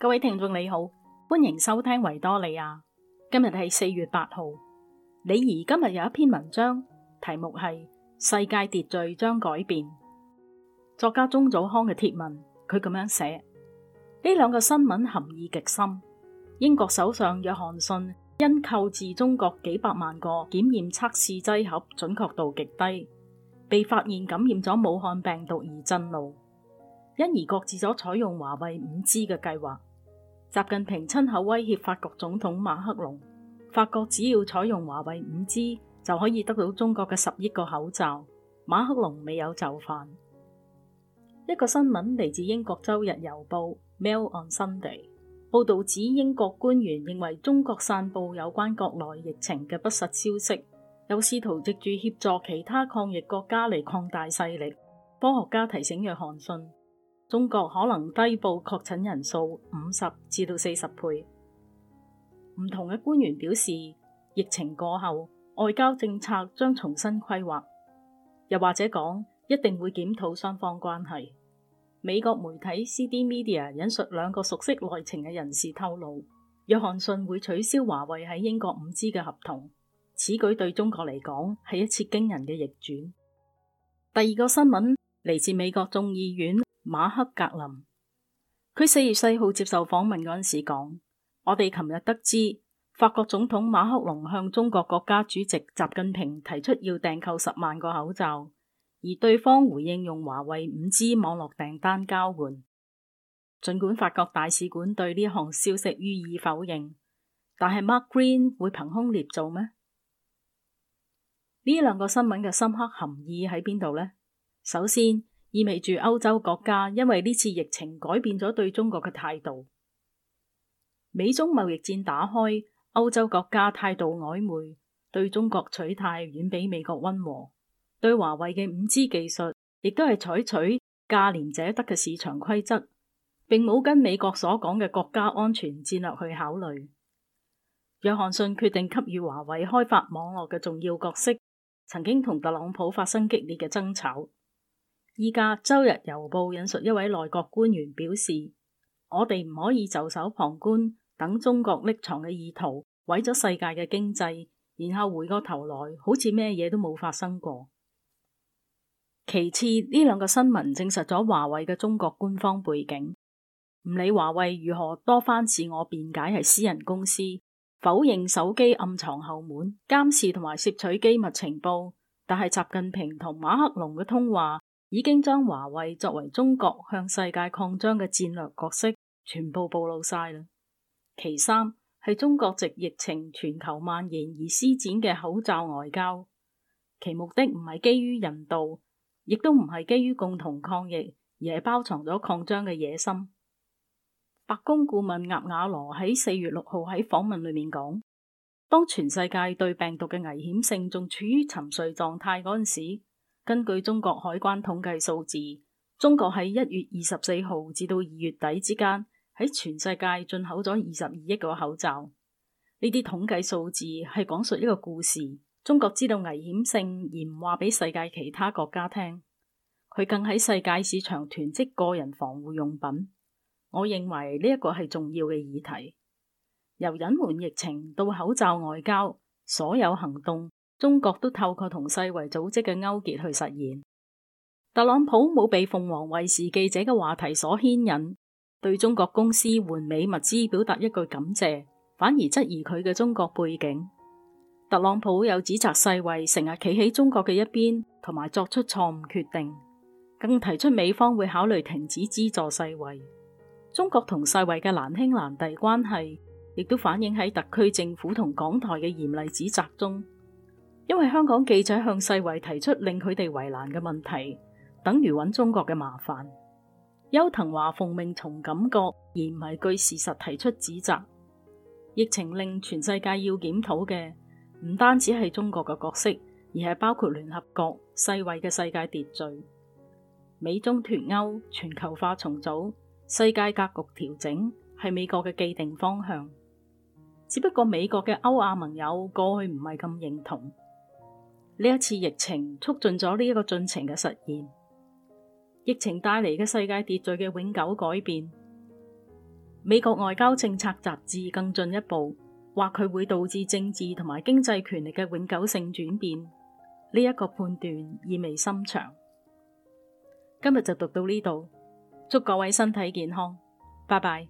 各位聽眾你好，歡迎收聽維多利亞。今日係四月八號，李怡今日有一篇文章，題目係世界秩序將改變。作家鍾祖康嘅貼文，佢咁樣寫，呢兩個新聞含義極深。英國首相約翰遜因購置中國幾百萬個檢驗測試劑盒準確度極低，被發現感染咗武漢病毒而震怒，因而擱置咗採用華為五 G 嘅計劃。習近平親口威脅法國總統馬克龍：法國只要採用華為五 G，就可以得到中國嘅十億個口罩。馬克龍未有就範。一個新聞嚟自英國周日郵報《Mail on Sunday》報道指，英國官員認為中國散佈有關國內疫情嘅不實消息，又試圖藉住協助其他抗疫國家嚟擴大勢力。科學家提醒約翰遜。中國可能低報確診人數五十至到四十倍。唔同嘅官員表示，疫情過後，外交政策將重新規劃，又或者講，一定會檢討雙方關係。美國媒體 CD Media 引述兩個熟悉內情嘅人士透露，約翰遜會取消華為喺英國五 G 嘅合同。此舉對中國嚟講係一次驚人嘅逆轉。第二個新聞嚟自美國眾議院。馬克格林，佢四月四號接受訪問嗰陣時講，我哋琴日得知法國總統馬克龍向中國國家主席習近平提出要訂購十萬個口罩，而對方回應用華為五 G 網絡訂單交換。儘管法國大使館對呢一項消息予以否認，但係 Mark Green 會憑空捏造咩？呢兩個新聞嘅深刻含義喺邊度呢？首先。意味住歐洲國家因為呢次疫情改變咗對中國嘅態度。美中貿易戰打開，歐洲國家態度曖昧，對中國取態遠比美國溫和，對華為嘅五 G 技術亦都係採取價廉者得嘅市場規則，並冇跟美國所講嘅國家安全戰略去考慮。約翰遜決定給予華為開發網絡嘅重要角色，曾經同特朗普發生激烈嘅爭吵。依家《周日郵報》引述一位內閣官員表示：我哋唔可以袖手旁觀，等中國匿藏嘅意圖毀咗世界嘅經濟，然後回過頭來好似咩嘢都冇發生過。其次，呢兩個新聞證實咗華為嘅中國官方背景。唔理華為如何多番自我辯解係私人公司，否認手機暗藏後門、監視同埋攝取機密情報，但係習近平同馬克龍嘅通話。已經將華為作為中國向世界擴張嘅戰略角色全部暴露晒啦。其三係中國藉疫情全球蔓延而施展嘅口罩外交，其目的唔係基於人道，亦都唔係基於共同抗疫，而係包藏咗擴張嘅野心。白宮顧問納瓦羅喺四月六號喺訪問裏面講：當全世界對病毒嘅危險性仲處於沉睡狀態嗰陣時。根據中國海關統計數字，中國喺一月二十四號至到二月底之間，喺全世界進口咗二十二億個口罩。呢啲統計數字係講述一個故事，中國知道危險性而唔話俾世界其他國家聽。佢更喺世界市場囤積個人防護用品。我認為呢一個係重要嘅議題。由隱瞞疫情到口罩外交，所有行動。中國都透過同世衛組織嘅勾結去實現。特朗普冇被鳳凰衛視記者嘅話題所牽引，對中國公司換美物資表達一句感謝，反而質疑佢嘅中國背景。特朗普有指責世衛成日企喺中國嘅一邊，同埋作出錯誤決定，更提出美方會考慮停止資助世衛。中國同世衛嘅難兄難弟關係，亦都反映喺特區政府同港台嘅嚴厲指責中。因為香港記者向世衛提出令佢哋為難嘅問題，等於揾中國嘅麻煩。邱騰華奉命從感覺，而唔係據事實提出指責。疫情令全世界要檢討嘅，唔單止係中國嘅角色，而係包括聯合國、世衛嘅世界秩序。美中脫歐、全球化重組、世界格局調整，係美國嘅既定方向，只不過美國嘅歐亞盟友過去唔係咁認同。呢一次疫情促進咗呢一個進程嘅實現，疫情帶嚟嘅世界秩序嘅永久改變。美國外交政策雜誌更進一步，話佢會導致政治同埋經濟權力嘅永久性轉變。呢一個判斷意味深長。今日就讀到呢度，祝各位身體健康，拜拜。